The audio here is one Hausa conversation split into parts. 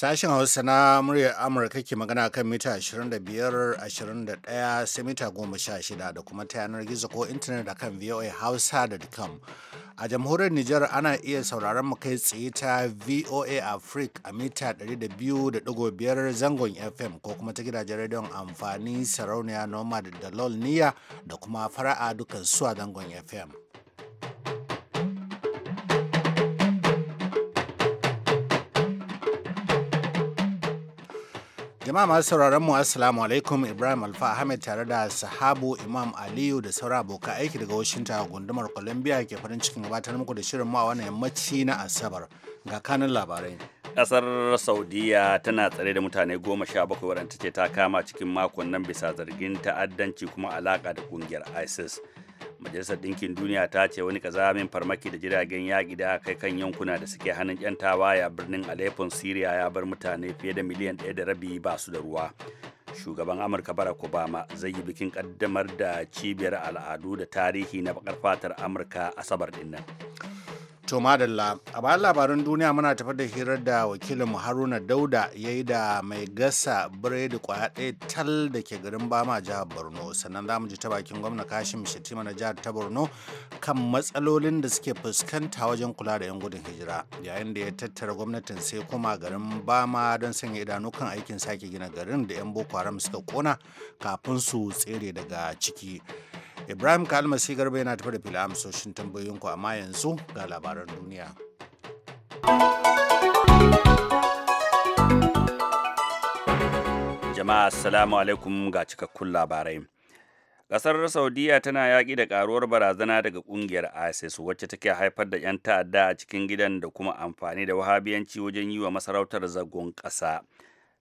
Sashen Hausa na muryar Amurka ke magana kan mita 25, 21 sai mita 16 da kuma ta yanar gizo ko intanet da kan Hausa.com. A jamhuriyar Nijar ana iya sauraron mu kai tsaye ta VOA Africa a mita 200.5 zangon FM ko kuma ta gidajen rediyon amfani sarauniya Nomad da Lol Niya da kuma fara'a dukan su a zangon FM. Jama'a masu sauraron mu Assalamu alaikum Ibrahim Alfa Ahmed tare da sahabu Imam Aliyu da sauran abokan aiki daga Washington a gundumar Columbia ke farin cikin gabatar muku da shirin ma wannan yammaci na Asabar ga kanin labarai. Kasar Saudiya tana tsare da mutane goma sha bakwai waɗanda ce ta kama cikin makon nan bisa zargin ta'addanci kuma alaka da kungiyar ISIS. majalisar ɗinkin duniya ta ce wani kazamin farmaki da jiragen yaƙi da kai kan yankuna da suke hannun 'yan ya birnin aleppo syria ya bar mutane fiye da miliyan ɗaya da rabi ba su da ruwa shugaban amurka barack obama zai yi bikin kaddamar da cibiyar al'adu da tarihi na bakar fatar amurka asabar dinnan. To madalla, a bayan labaran duniya muna tafi da hirar da wakilinmu Haruna Dauda ya yi da mai gasa biredi kwaya ɗaya tal da ke garin Bama jihar Borno. Sannan za mu ji ta bakin gwamna Kashim Shettima na jihar ta Borno kan matsalolin da suke fuskanta wajen kula da 'yan gudun hijira. Yayin da ya tattara gwamnatin sai kuma garin Bama don sanya idanu kan aikin sake gina garin da 'yan Boko Haram suka kona kafin su tsere daga ciki. Ibrahim Kalmasi Garba yana tafi da fila amsoshin tambayoyinku amma yanzu ga labaran duniya. Jama'a Assalamu alaikum ga cikakkun labarai. Ƙasar Saudiya tana yaƙi da ƙaruwar barazana daga ƙungiyar ISIS wacce take haifar da 'yan ta'adda a cikin gidan da kuma amfani da wahabiyanci wajen yi wa masarautar zagon ƙasa.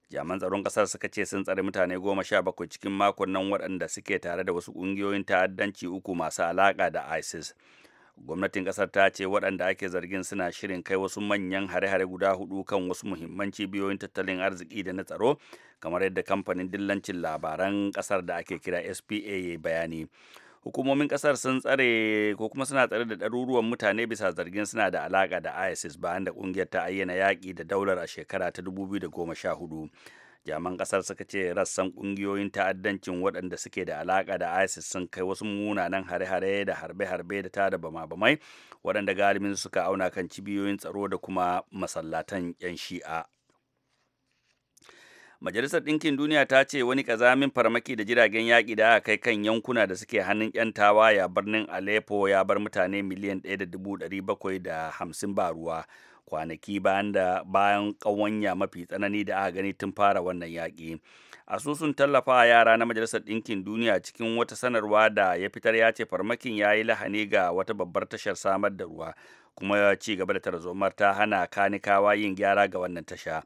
jaman tsaron kasar suka ce sun tsare mutane goma sha bakwai cikin makon nan waɗanda suke tare da wasu ƙungiyoyin ta'addanci uku masu alaƙa da isis gwamnatin kasar ta ce waɗanda ake zargin suna shirin kai wasu manyan hare-hare guda hudu kan wasu muhimman cibiyoyin tattalin arziki da na tsaro kamar yadda kamfanin dillancin labaran kasar da ake kira spa ya bayani hukumomin kasar sun tsare ko kuma suna tsare da ɗaruruwan mutane bisa zargin suna da alaka da isis bayan da ƙungiyar ta ayyana yaƙi da daular a shekara ta 2014 jaman kasar suka ce rassan ƙungiyoyin ta'addancin waɗanda suke da alaka da isis sun kai wasu munanan hare-hare da harbe-harbe da tada bama-bamai waɗanda galibin suka auna kan cibiyoyin tsaro da kuma masallatan 'yan shi'a Majalisar Ɗinkin Duniya ta ce wani kazamin farmaki da jiragen yaƙi da aka kai kan yankuna da suke hannun 'yan tawaya birnin Aleppo ya bar mutane miliyan 1,750 ba ruwa kwanaki bayan da bayan ƙawanya mafi tsanani da aka gani tun fara wannan yaƙi. Asusun tallafa a yara na Majalisar Ɗinkin Duniya cikin wata sanarwa da ya fitar ya ce farmakin ya yi lahani ga wata babbar tashar samar da ruwa kuma ci gaba da tarzomar ta hana kanikawa yin gyara ga wannan tasha.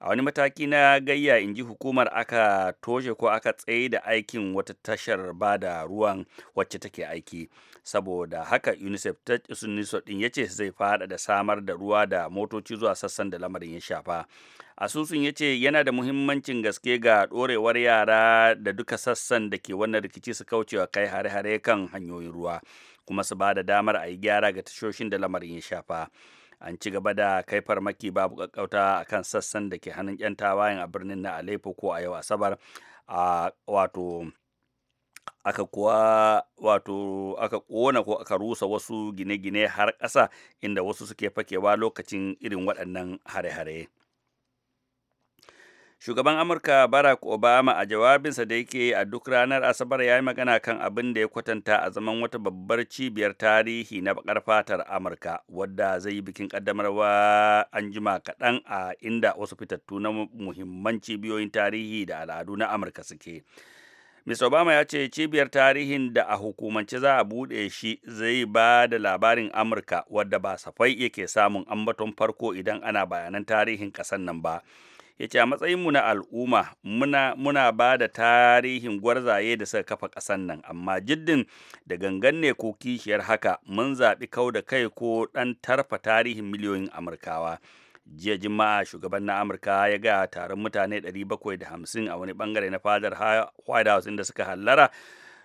a wani mataki na gayya in ji hukumar aka toshe ko aka tsaye da aikin wata tashar bada ruwan wacce take aiki saboda haka unicef ta unicef din ya zai fada da samar da ruwa da motoci zuwa sassan da lamarin ya shafa asusun yace yana da muhimmancin gaske ga ɗorewar yara da duka sassan da ke wannan rikici su kaucewa kai hare-hare kan hanyoyin ruwa kuma su ba da damar a yi gyara ga tashoshin da lamarin ya shafa an ci gaba da kai farmaki babu kakkauta a kan sassan da ke hannun 'yan tawayen a birnin na Aleppo ko a yau Asabar a wato aka kuwa wato aka kona ko aka rusa wasu gine-gine har ƙasa inda wasu suke fakewa lokacin irin waɗannan hare-hare. shugaban amurka barack obama a jawabinsa da yake a duk ranar asabar ya yi magana kan abin da ya kwatanta a zaman wata babbar cibiyar tarihi na bakar fatar amurka wadda zai yi bikin kaddamarwa an jima kaɗan a inda wasu fitattu na muhimman cibiyoyin tarihi da al'adu na amurka suke Mr. Obama ya ce cibiyar tarihin da a hukumance za a buɗe shi zai ba da labarin Amurka wadda ba safai yake samun ambaton farko idan ana bayanan tarihin ƙasar nan ba. ya ce a matsayinmu na al'umma muna, muna ba da tarihin gwarzaye da suka kafa ƙasan nan amma jiddin da gangan ne ko kishiyar haka mun zaɓi kau da kai ko ɗan tarfa tarihin miliyoyin amurkawa jiya juma'a shugaban na amurka ya gaya taron mutane 750 a wani bangare na fadar white house inda suka hallara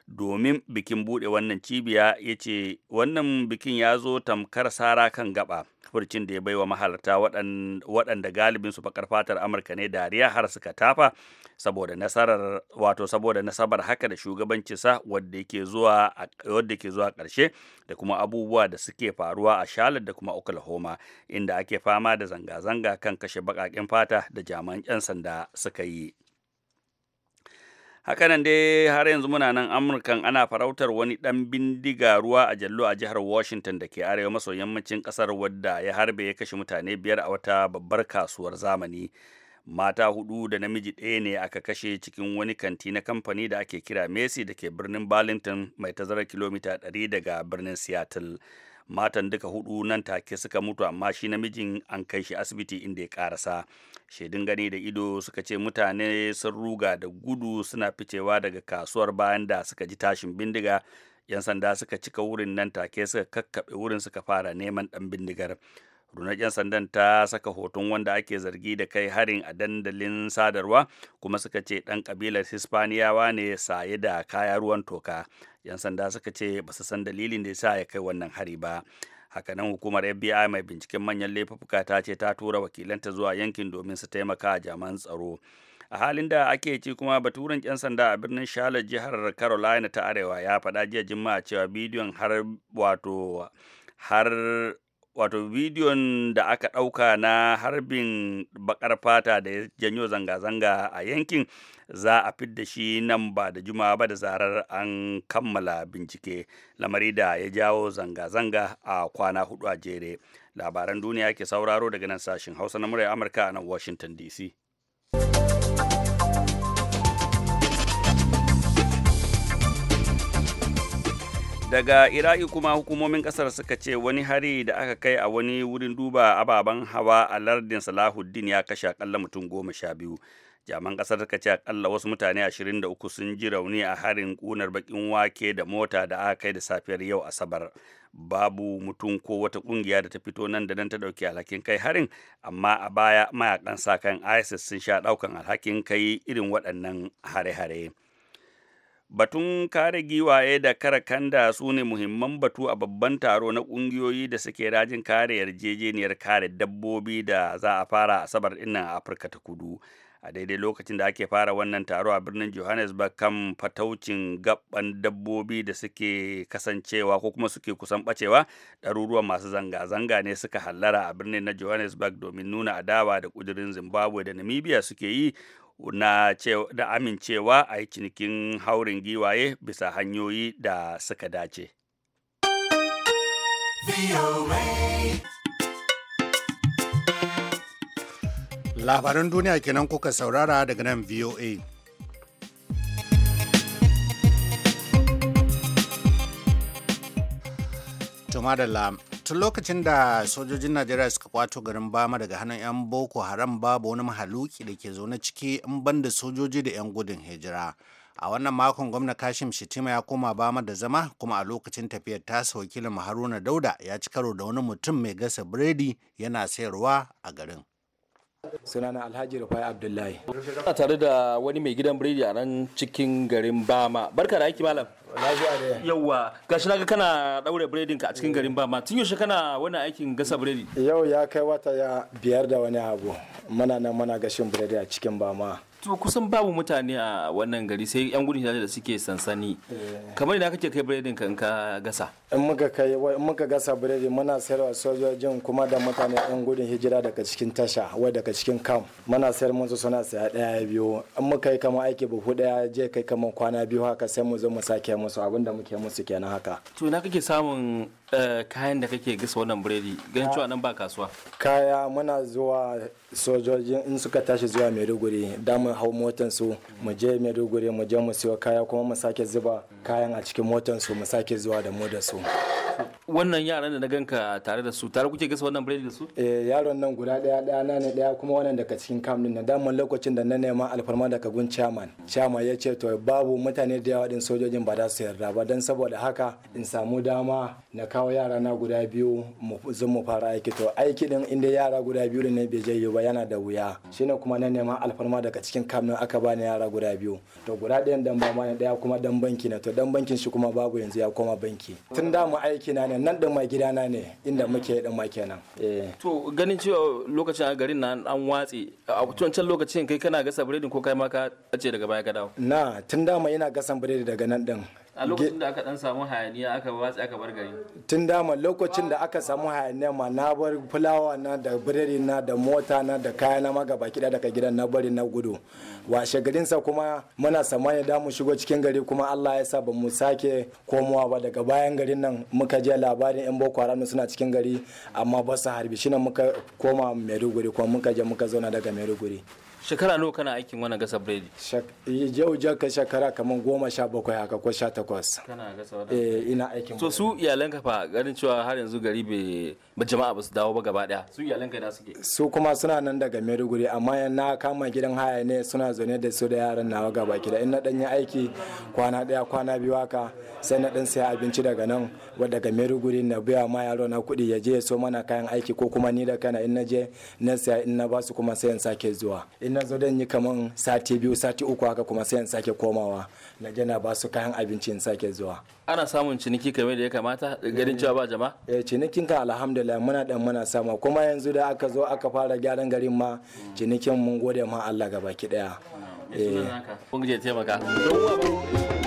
domin bikin bude wannan cibiya ya ce wannan bikin ya zo tamkar sara kan gaba furcin da ya bai wa mahalarta waɗanda galibin su baƙar fatar amurka ne dariya har suka tafa saboda nasarar wato saboda nasabar haka da shugabanci sa yake zuwa wadda ke zuwa ƙarshe da kuma abubuwa da suke faruwa a Charlotte da kuma Oklahoma inda ake fama da zanga-zanga kan kashe baƙaƙen fata da jami'an 'yan sanda suka yi. hakanan dai har yanzu muna nan amurkan ana farautar wani dan bindiga ruwa a jallo a jihar washington da ke arewa maso yammacin kasar wadda ya harbe ya kashe mutane biyar a wata babbar kasuwar zamani mata hudu da namiji ɗaya ne aka kashe cikin wani kanti na kamfani da ake kira messi da ke birnin burlington mai tazarar kilomita 100 daga birnin seattle matan duka hudu nan take suka mutu amma shi namijin an kai shi asibiti inda ya karasa shaidun gani da ido suka ce mutane sun ruga da gudu suna ficewa daga kasuwar bayan da suka ji tashin bindiga 'yan sanda suka cika wurin nan take suka kakkaɓe wurin suka fara neman ɗan bindigar runar 'yan sandan ta saka hoton wanda ake zargi da kai harin a dandalin sadarwa kuma suka ce ɗan kabilar hispaniyawa ne saye da kaya ruwan toka 'yan sanda suka ce ba su san dalilin da ya sa ya kai wannan hari ba hakanan hukumar fbi mai binciken manyan laifuka ta ce ta tura wakilanta zuwa yankin domin su taimaka jaman tsaro a halin da ake ci kuma baturen 'yan sanda a birnin charlotte jihar carolina ta arewa ya faɗa jiya jimma cewa bidiyon har wato har wato bidiyon da aka ɗauka na harbin bakar fata da ya janyo zanga-zanga a yankin za a fidda shi nan ba da juma'a ba da zarar an kammala bincike lamari da ya jawo zanga-zanga a kwana hudu a jere labaran duniya ke sauraro daga nan sashen hausa na murai amurka a nan washington dc daga iraki kuma hukumomin kasar suka ce wani hari da aka kai a wani wurin duba ababen hawa a lardin salahuddin ya kashe akalla mutum goma sha biyu jaman kasar suka ce akalla wasu mutane ashirin da uku sun ji rauni a harin kunar bakin wake da mota da aka kai da safiyar yau asabar babu mutum ko wata kungiya da ta fito nan da nan ta dauki alhakin kai harin amma a baya mayakan sa kan isis sun sha daukan alhakin kai irin waɗannan hare-hare. Batun kare giwaye da kare kanda su ne muhimman batu a babban taro na ƙungiyoyi da suke rajin kare yarjejeniyar kare dabbobi da za a fara asabar dinnan a Afirka ta kudu. A daidai lokacin da ake fara wannan taro a birnin Johannesburg kan fataucin gaban dabbobi da suke kasancewa ko kuma suke kusan bacewa, ɗaruruwan masu zanga-zanga ne suka hallara a birnin na Johannesburg domin nuna adawa da ƙudurin Zimbabwe da Namibia suke yi na da amincewa a yi cinikin haurin giwaye bisa hanyoyi da suka dace. Labaran duniya kenan kuka saurara daga nan VOA. Tumadala tun lokacin da sojojin najeriya suka kwato garin bama daga hannun 'yan boko haram babu wani mahaluki da ke zaune ciki in ban da sojoji da 'yan gudun hijira a wannan makon gwamna kashim shitima ya koma bama da zama kuma a lokacin tafiyar tasa wakilin haruna dauda ya ci karo da wani mutum mai gasa biredi yana sayarwa a garin sunana alhaji rufai abdullahi a tare da wani mai gidan biredi a nan cikin garin bama barka da aiki malam yauwa gashi naga kana daure biredin ka a cikin garin bama tun yaushe kana wani aikin gasa biredi yau ya kai wata ya biyar da wani abu muna nan muna gashin biredi a cikin bama to kusan babu mutane a wannan gari sai yan gudun hijira da suke sansani eh. kamar ina kake kai biredin ka gasa in muka kai in muka gasa biredi muna sayarwa sojojin kuma da mutane yan gudun hijira daga cikin tasha wai daga cikin kam muna sayar musu suna saya daya biyu in muka yi kamar aiki buhu daya je kai kamar kwana biyu haka sai mu zo mu sake musu abin da muke musu kenan haka to ina kake samun Eh, kayan da kake gasa wannan biredi gan cewa nan ba kasuwa kaya muna zuwa sojojin in suka tashi zuwa maiduguri da mu hau motan su mu je maiduguri mu je mu siyo kaya kuma mu sake zuba kayan a cikin motan su mu sake zuwa da mu da wannan yaran da na ganka tare da su tare kuke gasa wannan biredi da su eh yaron nan guda daya daya na ne daya kuma wannan daga cikin kam na daman lokacin da na nema alfarma daga gun chairman chairman ya ce to babu mutane da yawa din sojojin ba za su yarda ba dan saboda haka in samu dama na kawo yara na guda biyu mu zan mu fara aiki to aiki din inda yara guda biyu ne bai je ba yana da wuya shine kuma na nema alfarma daga cikin kam aka aka bani yara guda biyu to guda ɗayan dan ba ma daya kuma dan banki na to dan bankin shi kuma babu yanzu ya koma banki tun da mu aiki na ne nan da ma gidana ne inda mm-hmm. muke da ma kenan eh. to ganin cewa lokacin a garin nan an watsi a wancan lokacin kai kana gasa biredi ko kai ma ka ace daga baya ka dawo na tun dama yana gasan biredi daga nan din a lokacin da aka dan samu hayaniya aka watsa aka bar gari tun dama lokacin da aka samu hayaniya ma na bar fulawa na da birari na da mota na da kaya na maga baki daga gidan na bari na gudu washe garin sa kuma muna samani da mu shigo cikin gari kuma Allah ya sa ba mu sake komowa ba daga bayan garin nan muka je labarin yan boko haram suna cikin gari amma ba su harbi shine muka koma Maiduguri kuma muka je muka zauna daga Maiduguri shekara nawa kana aikin wani gasa biredi yau ka shekara kamar goma sha bakwai haka ko sha takwas kana gasa eh, ina aikin so su iyalanka fa ganin cewa har yanzu gari ba jama'a ba su dawo ba gaba daya su iyalanka da suke su kuma suna nan daga maiduguri amma na kama gidan haya ne suna zaune da su da yaran nawa gaba gida in na dan yi aiki kwana daya kwana biyu haka sai na dan sai abinci daga nan wadda daga maiduguri na biya ma yaro na kuɗi ya je ya so mana kayan aiki ko kuma ni da kana in na je na saya in na basu kuma sai in sake zuwa in na zo dan yi kaman sati biyu sati uku haka kuma sai in sake komawa na je na basu kayan abinci in sake zuwa ana samun ciniki kamar da ya kamata garin cewa ba jama'a eh cinikin ka alhamdulillah muna dan muna sama kuma yanzu da aka zo aka fara gyaran garin ma cinikin mun gode ma Allah gaba ki daya eh kun je taimaka don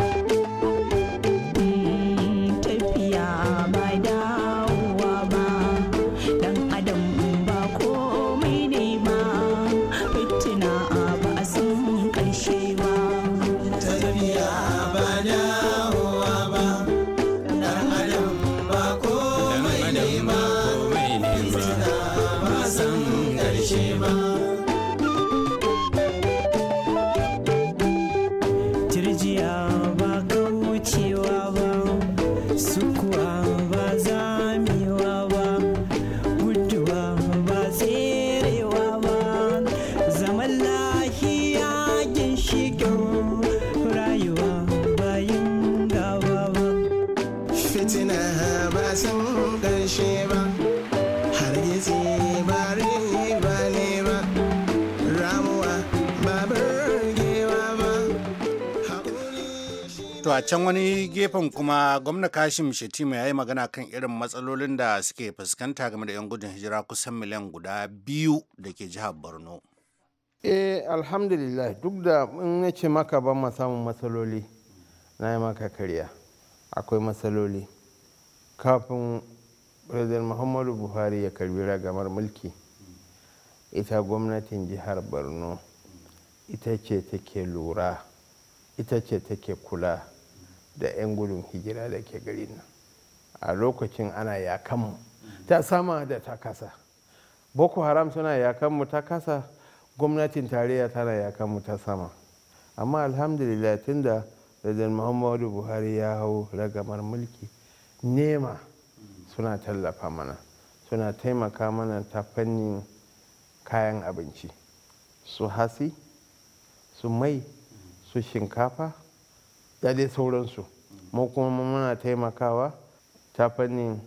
a can wani gefen kuma gwamna Kashim Shetima ya yi magana kan irin matsalolin da suke fuskanta game da 'yan gudun hijira kusan miliyan guda biyu da ke jihar Borno. Eh alhamdulillah duk da in nace maka ban ma samun matsaloli na yi maka karya akwai matsaloli kafin President Muhammadu Buhari ya karbi ragamar mulki ita gwamnatin jihar Borno ita ce take lura ita ce take kula da 'yan gudun hijira da ke garin nan a lokacin ana yakanmu ta sama da ta kasa boko haram suna yakanmu ta kasa gwamnatin tarayya tana yakanmu ta sama amma alhamdulillah tun da rajin muhammadu buhari ya hau ragamar mulki nema suna tallafa mana suna taimaka mana ta fannin kayan abinci su hasi su mai su shinkafa da dai sauransu mu kuma muna taimakawa ta fannin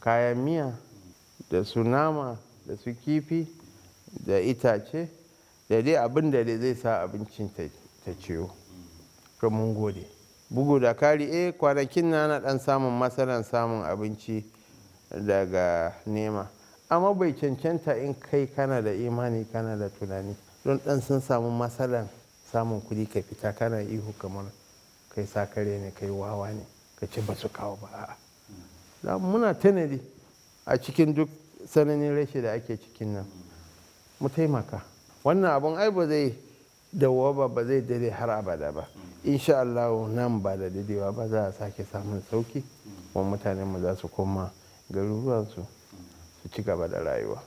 kayan miya da su nama da su kifi da itace da dai abin da zai sa abincin ta ciwo to mun gode bugu da kari eh kwanakin na na dan samun matsalan samun abinci daga nema amma bai cancanta in kai kana da imani kana da tunani don dan sun samu matsalan samun kudi ka fita kana ihu kamar kai sakare ne kai wawa ne ka ce ba su kawo ba a' muna tanadi a cikin duk sananin rashi da ake cikin nan mu taimaka wannan abun ai ba zai dawo ba ba zai dare har abada ba insha Allah nan ba da dadewa ba za a sake samun sauki wa mutanen mu za su koma su su ci gaba da rayuwa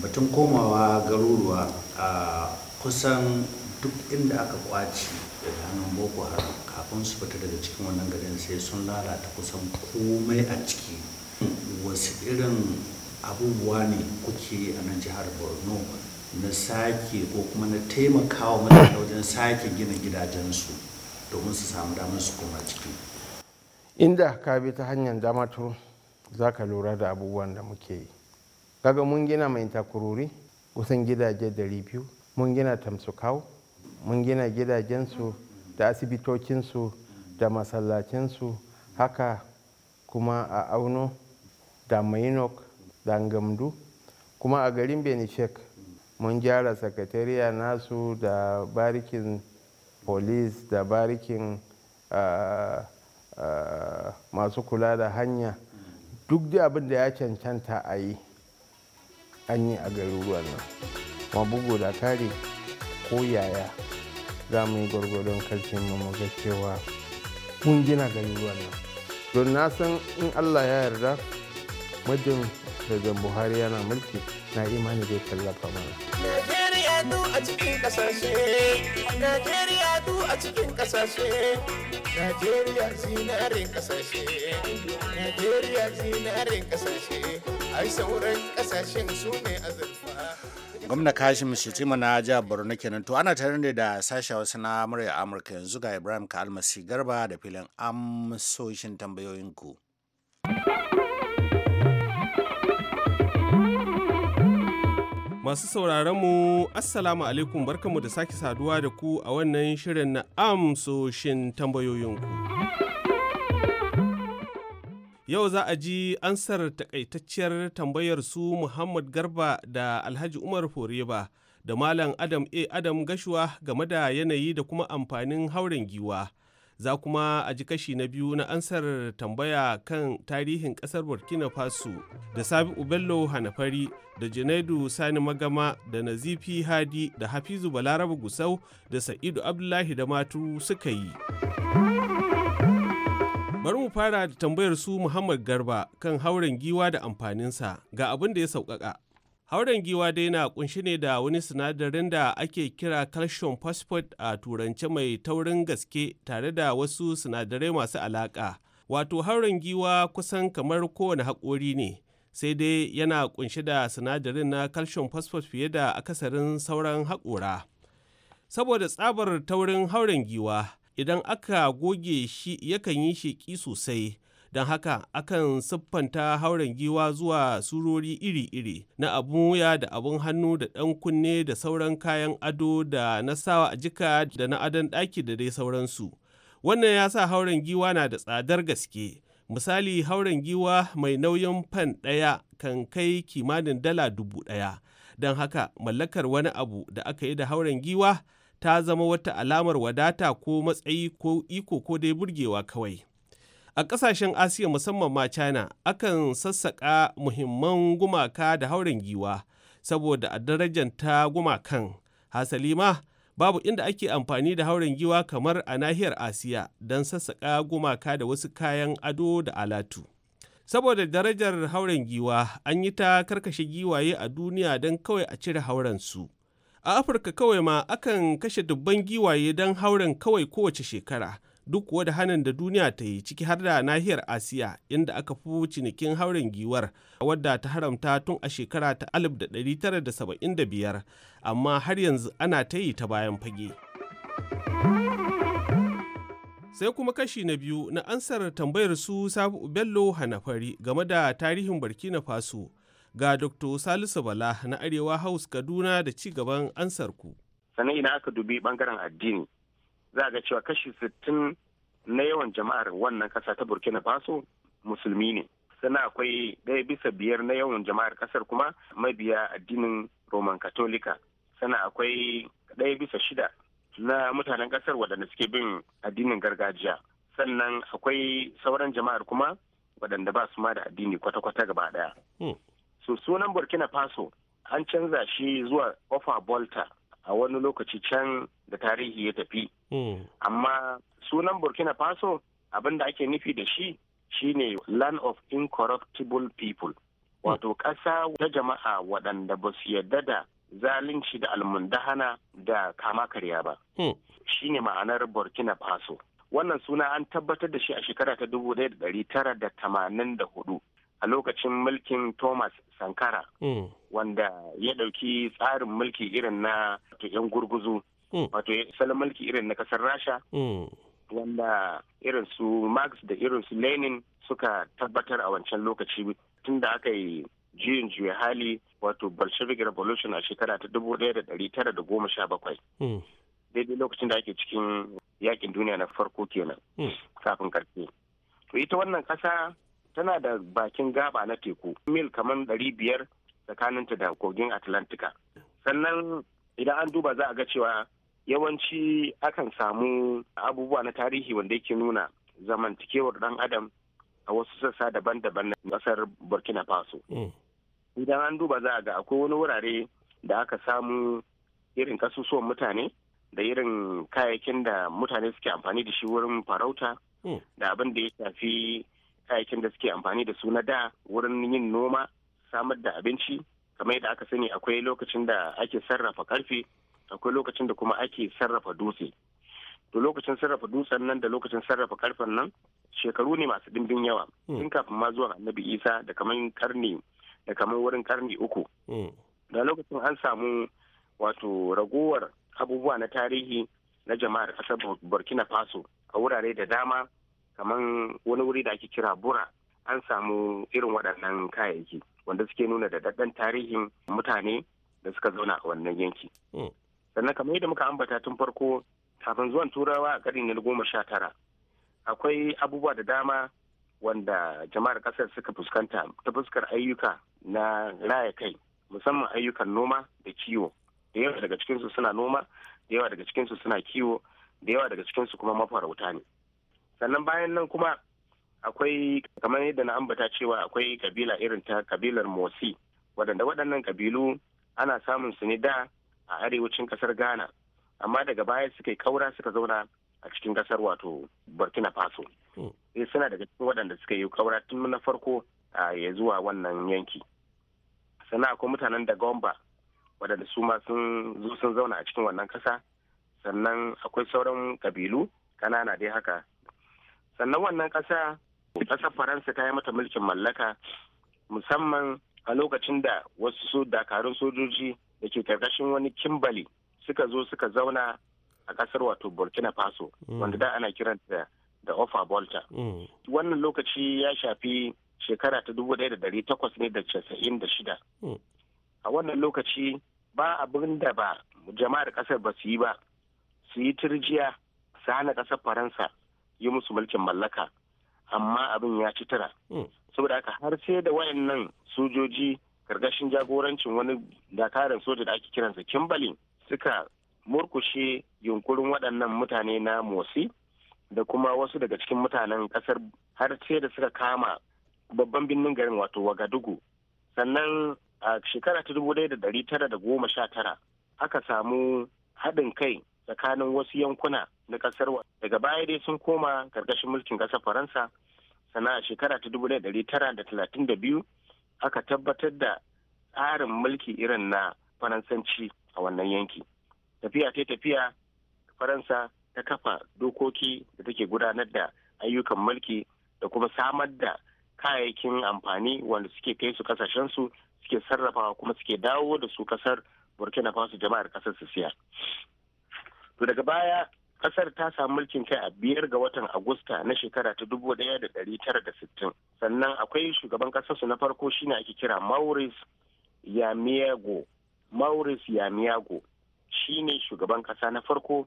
batun komawa garuruwa a kusan duk inda aka kwaci daga hannun boko haram kafin su fita daga cikin wannan garin sai sun lalata kusan komai a ciki wasu irin abubuwa ne kuke a nan jihar borno na sake ko kuma na taimakawa mutane wajen sake gina gidajensu domin su samu damar su koma ciki inda ka bi ta hanyar damatur za ka lura da abubuwan da muke yi kaga mun gina mai takururi kusan gidaje 200 mun gina tamsukau mun gina gidajensu da asibitocinsu da masallacinsu haka kuma a auno da mainok da gamdu kuma a garin benishek mun gyara sakatariya nasu da barikin polis da barikin uh, masu kula da hanya duk da abin da ya cancanta a yi an yi a garuruwan nan mabugu da kare ko yaya za mu yi gwargwadon karshen mu mu ga cewa mun gina gani wannan don na san in allah ya yarda majin da buhari yana mulki na imani zai tallafa mana Najeriya du a cikin kasashe Najeriya du a cikin kasashe Najeriya zinarin kasashe Najeriya zinarin kasashe ai sauran kasashen su ne azurfa gwamna kashim shetima na jihar borno kenan to ana tare da sashe wasu na murya amurka yanzu ga ibrahim ka almasi garba da filin amsoshin tambayoyinku Masu sauraron mu Assalamu alaikum barkanmu da sake saduwa da ku a wannan shirin na amsoshin tambayoyinku. Yau za a ji ansar takaitacciyar tambayar su Muhammad Garba da Alhaji Umar Foreba da Malam Adam A. Adam Gashuwa game da yanayi da kuma amfanin hauren giwa. za kuma a ji kashi na biyu na ansar tambaya kan tarihin kasar burkina faso da sabi'u bello hanafari da janaidu sani magama da nazifi hadi da hafizu balaraba gusau da sa'idu abdullahi da matu suka yi bari mu fara da tambayar su muhammad garba kan hauren giwa da amfaninsa ga abin da ya sauƙaƙa Hauren giwa dai na kunshi ne da wani sinadarin da ake kira calcium phosphate a turance mai taurin gaske tare da wasu sinadarai masu alaka Wato hauren giwa kusan kamar kowane haƙori ne, sai dai yana kunshi da sinadarin na calcium phosphate fiye da akasarin sauran haƙora. Saboda tsabar taurin hauren giwa, idan aka goge shi yakan yi sheƙi sosai. don haka akan siffanta hauren giwa zuwa surori iri-iri na abun wuya da abun hannu da ɗan kunne da sauran kayan ado da na sawa a jika da na adon ɗaki da dai sauransu wannan ya sa hauren giwa na da tsadar gaske misali hauren giwa mai nauyin fan ɗaya kan kai kimanin dala dubu ɗaya don haka mallakar wani abu da aka yi da hauren giwa ta zama wata alamar wadata ko matsayi ko iko ko dai burgewa kawai A ƙasashen Asiya musamman ma China, akan sassaƙa muhimman gumaka da hauren giwa, saboda a darajanta gumakan. Hasali ma, babu inda ake amfani da hauren giwa kamar a nahiyar Asiya don sassaƙa gumaka da wasu kayan ado da alatu. Saboda darajar hauren giwa, an yi ta karkashe giwaye a duniya don kawai a cire hauren su. A Afirka kawai ma akan kashe dubban giwaye don hauren kawai kowace shekara. duk kuwa da hanin da duniya ta yi ciki har da nahiyar asiya inda aka fi cinikin hauren giwar wadda ta haramta tun a shekara ta 1975 amma har yanzu ana ta yi ta bayan fage sai kuma kashi na biyu na ansar tambayar su sabu bello hanafari game da tarihin burkina faso ga dr salisu bala na arewa house kaduna da ci gaban ansar ku sannan aka dubi bangaren addini za ga cewa kashi sittin na yawan jama'ar wannan kasa ta burkina faso musulmi ne sannan akwai ɗaya bisa biyar na yawan jama'ar kasar kuma mabiya addinin roman katolika sannan akwai ɗaya bisa shida na mutanen kasar waɗanda suke bin addinin gargajiya sannan akwai sauran jama'ar kuma waɗanda ba su ma da addini kwata-kwata gaba ɗaya. Hmm. So sunan Burkina Faso an canza shi zuwa Ofa bolta a wani lokaci can da tarihi ya tafi hmm. amma sunan burkina faso abin da ake nufi da shi shine land of incorruptible people hmm. wato ƙasa ta jama'a waɗanda ba su yarda da zalunci da almundahana da kama karya ba hmm. Shi ne ma'anar burkina faso wannan suna an tabbatar da shi a shekara ta hudu. a lokacin mulkin Thomas Sankara hmm. wanda ya ɗauki tsarin mulki irin na yan gurguzu hmm. wato salon mulki irin na ƙasar Rasha hmm. wanda irin su Marx da irin su Lenin suka tabbatar a wancan lokaci tun da aka yi juyin juya hali wato Bolshevik Revolution a shekara ta bakwai. daidai lokacin da ake cikin yakin duniya na farko kenan kafin karfe. To ita wannan ƙasa tana da bakin gaba na teku mil kamar ɗari biyar tsakaninta da kogin atlantika sannan idan an duba za a ga cewa yawanci akan samu abubuwa na tarihi wanda yake nuna zamantakewar dan adam a wasu sassa daban-daban na kasar burkina faso hmm. idan an duba za a ga akwai wani wurare da aka samu irin kasusuwan mutane da irin kayayyakin da mutane suke amfani da shi wurin farauta hmm. da abin da ya shafi kayayyakin da suke amfani da su na da wurin yin noma samar da abinci kamar yadda aka sani akwai lokacin da ake sarrafa karfe akwai lokacin da kuma ake sarrafa dutse to lokacin sarrafa dutsen nan da lokacin sarrafa karfen nan shekaru ne masu dimbin yawa hmm. tun kafin ma zuwa annabi isa da kamar karni da kamar wurin karni uku hmm. da lokacin an samu wato ragowar abubuwa na tarihi na jama'ar kasar burkina faso a wurare da dama kamar wani wuri da ake kira bura an samu irin waɗannan kayayyaki wanda suke nuna da daɗan tarihin mutane da suka zauna a wannan yanki. Hmm. Sannan kamar yadda muka ambata tun farko kafin zuwan turawa a ƙarni na goma sha tara akwai abubuwa da dama wanda jama'ar ƙasar suka fuskanta ta fuskar ayyuka na raya kai musamman ayyukan noma da kiwo da yawa daga cikinsu suna noma da yawa daga cikinsu suna kiwo da yawa daga cikinsu kuma mafarauta ne. sannan bayan nan kuma akwai kamar yadda na ambata cewa akwai kabila irin ta kabilar mosi waɗanda waɗannan kabilu ana samun su ne da a arewacin ƙasar ghana amma daga baya suka yi kaura suka zauna a cikin ƙasar wato burkina faso hmm. eh, suna daga cikin waɗanda suka yi kaura tun na farko ya zuwa wannan yanki sannan akwai mutanen da gomba waɗanda su ma sun zo sun zauna a cikin wannan ƙasa sannan akwai sauran kabilu ƙanana dai haka sannan wannan ƙasa ƙasar faransa ta yi mata mulkin mallaka musamman a lokacin da wasu dakarun sojoji da ke karkashin wani kimbali suka zo suka zauna a ƙasar wato burkina faso mm. wanda da ana kiranta da ofa bolta mm. wannan lokaci ya shafi shekara ta dubu ɗaya da ɗari takwas ne da casa'in da shida mm. a wannan lokaci ba abin da ba jama'ar ƙasar ba su yi ba su yi turjiya su hana ƙasar faransa yi musu mulkin mallaka amma abin ya ci tara hmm. saboda haka har sai da wayannan sojoji karkashin jagorancin wani dakaran soja da ake kiransa kimbalin suka murkushe yunkurin waɗannan mutane na motsi da kuma wasu daga cikin mutanen ƙasar har sai da suka kama babban birnin garin wato wagadugu sannan a shekara ta dubu da dari tara da goma sha tara aka samu haɗin kai tsakanin wasu yankuna na kasar daga baya dai sun koma karkashin mulkin kasar faransa sana a shekara ta 1932 aka tabbatar da tsarin mulki irin na faransanci a wannan yanki tafiya ta tafiya faransa ta kafa dokoki da take gudanar da ayyukan mulki da kuma samar da kayayyakin amfani wanda suke kai su kasashensu suke sarrafawa kuma suke dawo da su kasar burkina faso jama'ar kasar su siya to daga baya kasar ta samu mulkin kai a biyar ga watan agusta na shekara ta dubu daya da dari tara da sittin sannan akwai shugaban kasarsu na farko shine ake kira maurice yamiago maurice yamiago shine shugaban kasa na farko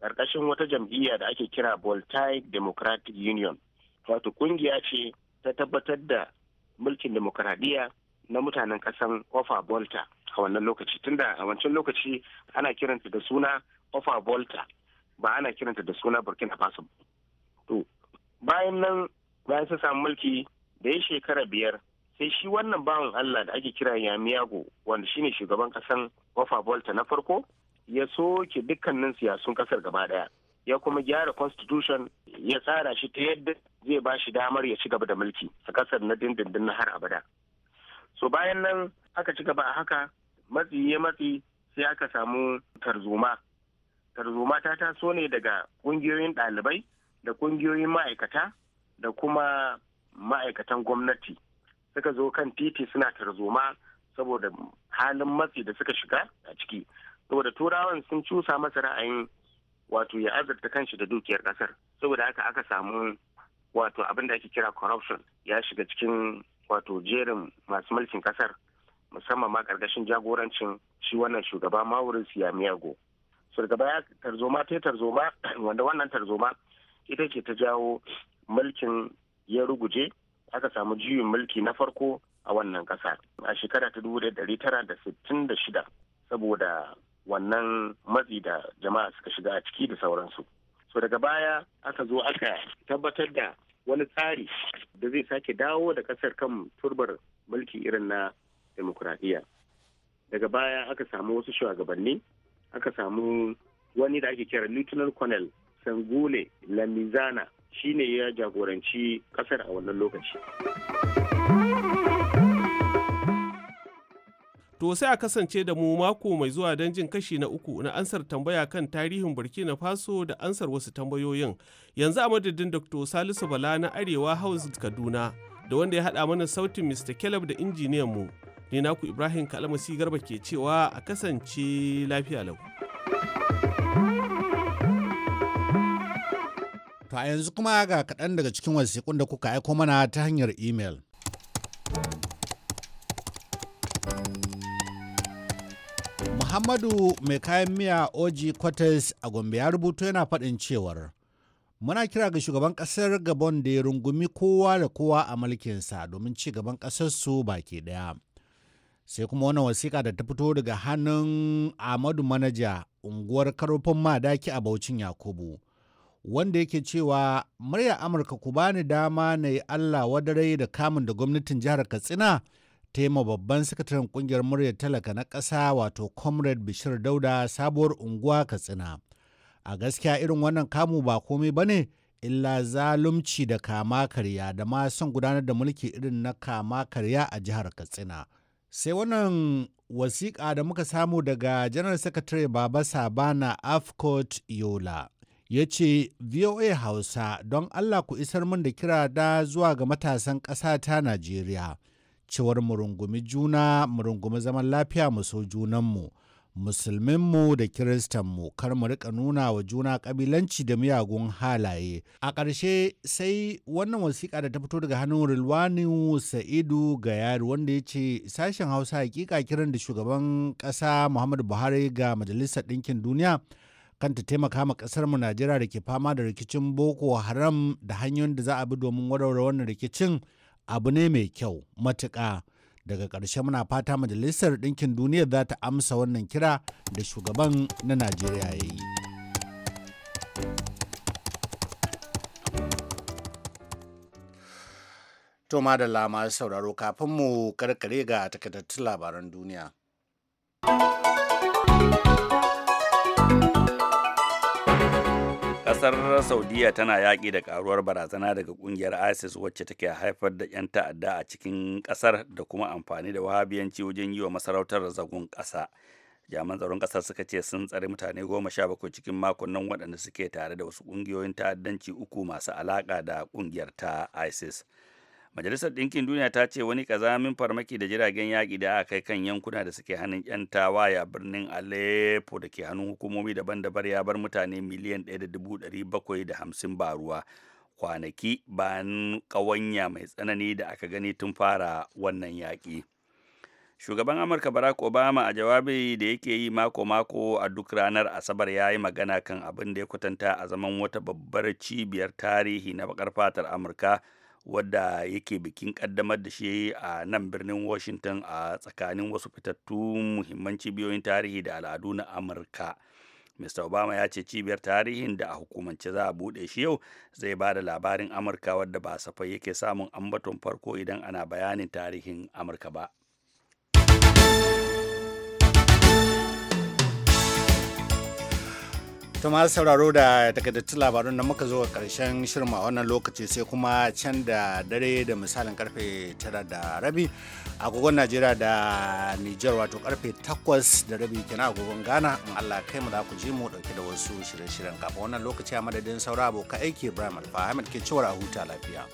ƙarƙashin wata jam'iyya da ake kira voltaic democratic union wato ƙungiya ce ta tabbatar da mulkin demokradiyya na mutanen kasan kofa volta a wannan lokaci tunda a wancan lokaci ana kiranta da suna ofa volta ba ana kiranta da suna burkina faso to bayan nan bayan sun samu mulki da ya shekara biyar sai shi wannan bawan allah da ake kira yamiyago wanda shine shugaban kasan ofa volta na farko ya soke dukkanin siyasun kasar gaba daya ya kuma gyara constitution ya tsara shi ta yadda zai ba shi damar ya ci gaba da mulki a kasar na dindindin na har abada so bayan nan aka ci gaba a haka matsi ya matsi sai aka samu tarzoma tarzoma ta taso ne daga kungiyoyin ɗalibai da kungiyoyin ma'aikata da kuma ma'aikatan gwamnati suka zo kan titi suna tarzoma saboda halin matsi da suka shiga a ciki saboda turawan sun cusa masa ra'ayin wato ya azurta kanshi da dukiyar kasar saboda haka aka samu wato abin da ake kira corruption ya shiga cikin wato jerin masu mulkin kasar musamman ma karkashin jagorancin shi wannan shugaba Maurice Yamiago. daga ya tarzoma ta tarzoma wanda wannan tarzoma ita ce ta jawo mulkin ya ruguje aka samu juyin mulki na farko a wannan kasa. a shekara ta dubu tara da sittin da shida saboda wannan matsi da jama'a suka shiga a ciki da sauransu so daga baya aka zo aka tabbatar da wani tsari da zai sake dawo da kasar kan turbar mulki irin na demokuraɗiyya daga baya aka samu wasu shugabanni aka samu wani da ake kira lieutenant colonel sangule lamizana shine ya jagoranci kasar a wannan lokaci To sai a kasance da mu mako mai zuwa don jin kashi na uku na ansar tambaya kan tarihin Burkina Faso da ansar wasu tambayoyin. Yanzu a madadin Dr. Salisu Bala na Arewa House Kaduna da wanda ya haɗa mana sautin Mr. Caleb da injiniyan mu. Ni naku Ibrahim Kalmasi Garba ke cewa a kasance lafiya lau. To a yanzu kuma ga kaɗan daga cikin wasiƙun da kuka aiko mana ta hanyar imel. Muhammadu mai kayan miya Oji Cortes a Gombe ya rubuto yana faɗin cewar Muna kira ga shugaban ƙasar Gabon da ya rungumi kowa da kowa a mulkinsa domin ci gaban ƙasarsu baki ɗaya. sai kuma wani wasiƙa da ta fito daga hannun Ahmadu Manaja unguwar karfin madaki a Baucin Yakubu wanda yake cewa murya Amurka ku bani dama na yi Allah wadarai da kamun da gwamnatin jihar Katsina ta yi babban sakataren kungiyar muryar talaka na ƙasa wato Comrade Bishir Dauda sabuwar unguwa Katsina. A gaskiya irin wannan kamu ba komai ba ne illa zalunci da kama karya da ma son gudanar da mulki irin na kama karya a jihar Katsina. sai wannan wasiƙa da muka samu daga janar secretary baba sabana afcot yola ya ce voa hausa don allah ku isar min da kira da zuwa ga matasan ƙasa ta najeriya cewar mu rungumi juna mu rungumi zaman lafiya mu so junanmu musulminmu da kiristanmu kar mu rika nuna wa juna kabilanci da miyagun halaye a ƙarshe sai wannan wasiƙa da ta fito daga hannun rilwani sa'idu ga yari wanda ya ce sashen hausa hakika kiran da shugaban ƙasa muhammadu buhari ga majalisar ɗinkin duniya kan ta taimaka ma ƙasar mu najeriya da ke fama da rikicin boko haram da hanyoyin da za a bi domin warware wannan rikicin abu ne mai kyau matuƙa daga ƙarshe muna fata majalisar ɗinkin duniya za ta amsa wannan kira da shugaban na najeriya ya yi to madalla masu sauraro kafin mu karkare ga takaitattun labaran duniya kasar saudiya tana yaƙi da karuwar barazana daga kungiyar isis wacce take haifar da 'yan ta'adda a cikin kasar da kuma amfani da wahabiyanci wajen yi wa masarautar zagon kasa jaman tsaron kasar suka ce sun tsare mutane goma sha bakwai cikin makonnan waɗanda suke tare da wasu ƙungiyoyin ta'addanci uku masu alaƙa da ƙungiyar ta isis majalisar ɗinkin duniya ta ce wani kazamin farmaki da jiragen yaƙi da aka kai kan yankuna da suke hannun 'yan tawaya birnin aleppo da ke hannun hukumomi daban-daban ya bar mutane miliyan ɗaya da da dubu ɗari bakwai hamsin ba ruwa kwanaki bayan ƙawanya mai tsanani da aka gani tun fara wannan yaƙi shugaban amurka barack obama a jawabi da yake yi mako-mako a duk ranar asabar ya yi magana kan abin da ya kwatanta a zaman wata babbar cibiyar tarihi na bakar fatar amurka wadda yake bikin kaddamar da shi a nan birnin washington a tsakanin wasu fitattun muhimman cibiyoyin tarihi da al'adu na amurka mr obama ya ce cibiyar tarihin da a hukumance za a bude shi yau zai ba da labarin amurka wadda ba safai yake samun ambaton farko idan ana bayanin tarihin amurka ba To masu sauraro da takardattun labarun da muka zo a karshen shirma wannan lokaci sai kuma can da dare da misalin karfe tara da rabi agogon Najeriya da niger wato karfe 8 da rabi kenan agogon Ghana in Allah kai mu za ku ji mu dauke da wasu shirye-shiryen kafin wannan lokaci a madadin saura abokan aiki Ibrahim Alfa ke cewa a huta lafiya.